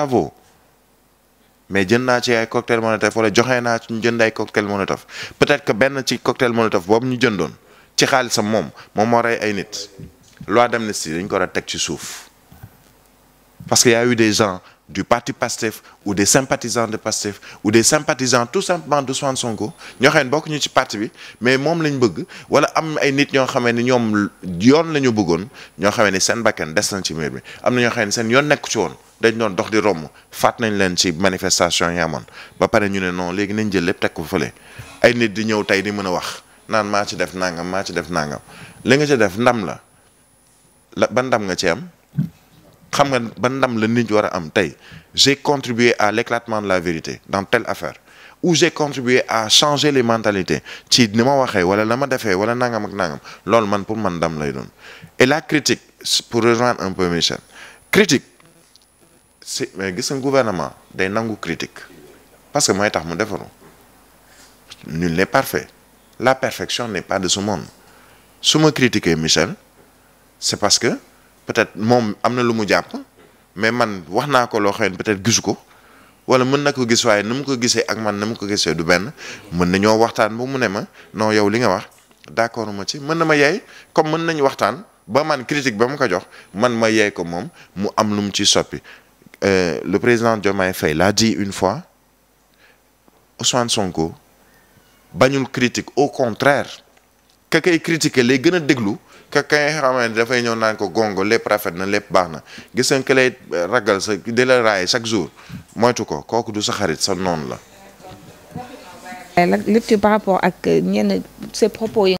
bravo mais jën naa ci ay cocktail molotov wala joxe naa ci ñu jënd ay cocktail molotov peut-être que benn ci cocktail molotov boobu ñu jëndoon ci xaalisam moom moom moo rey ay nit loi d'amnistie dañ ko war a teg ci suuf parce que y a eu des gens du parti PASTEF ou des sympathisants de PASTEF ou des sympathisants tout simplement d'Ousmane Sonko ñoo xam ne bokk ñu ci parti bi mais moom lañ bëgg wala am ay nit ñoo xamee ni ñoom yoon lañu bëggoon ñoo xamee ni seen bakkan des na ci mbir mi am na ñoo xamee ni seen yoon nekk ci woon dañ doon dox di romb faat nañ leen ci manifestation yi amoon ba pare ñu ne non léegi nañ jël lépp teg ko fële ay nit di ñëw tey di mën a wax naan maa ci def nangam maa ci def nangam li nga ci def ndam la la ba ndam nga ci am xam nga ba ndam la nit war a am tey j'ai contribué à l'éclatement de la vérité dans telle affaire ou j'ai contribué à changer les mentalités ci ni ma waxee wala la ma defee wala nangam ak nangam loolu man pour man ndam lay doon et la critique pour rejoindre un peu Michel critique si mais gis nga gouvernement day nangu critique parce que mooy tax mu defaru nul n'est parfait la perfection n'est pas de ce monde su ma critiquer Michel c'est parce que peut-être moom am na lu mu jàpp mais man wax naa ko loo xam ne peut-être gisu ko wala mën na ko gis waaye nu mu ko gisee ak man na mu ko gisee du benn mën nañoo waxtaan ba mu ne ma non yow li nga wax d'accord ma ci mën na ma yey comme mën nañu waxtaan ba man critique ba mu ko jox man ma yey ko moom mu am lu mu ciy soppi Euh, le président Diomaye Faye l'a dit une fois Ousmane Sonko bañul critique au contraire ka kay critiquer lay gën a déglu ka kay nga xam ne dafay ñëw naan ko gongo lépp rafet na lépp baax na gis nga ki lay ragal sa di la raay chaque jour moytu ko kooku du sa xarit sa noonu la. lépp ci par rapport ak ñenn ces propos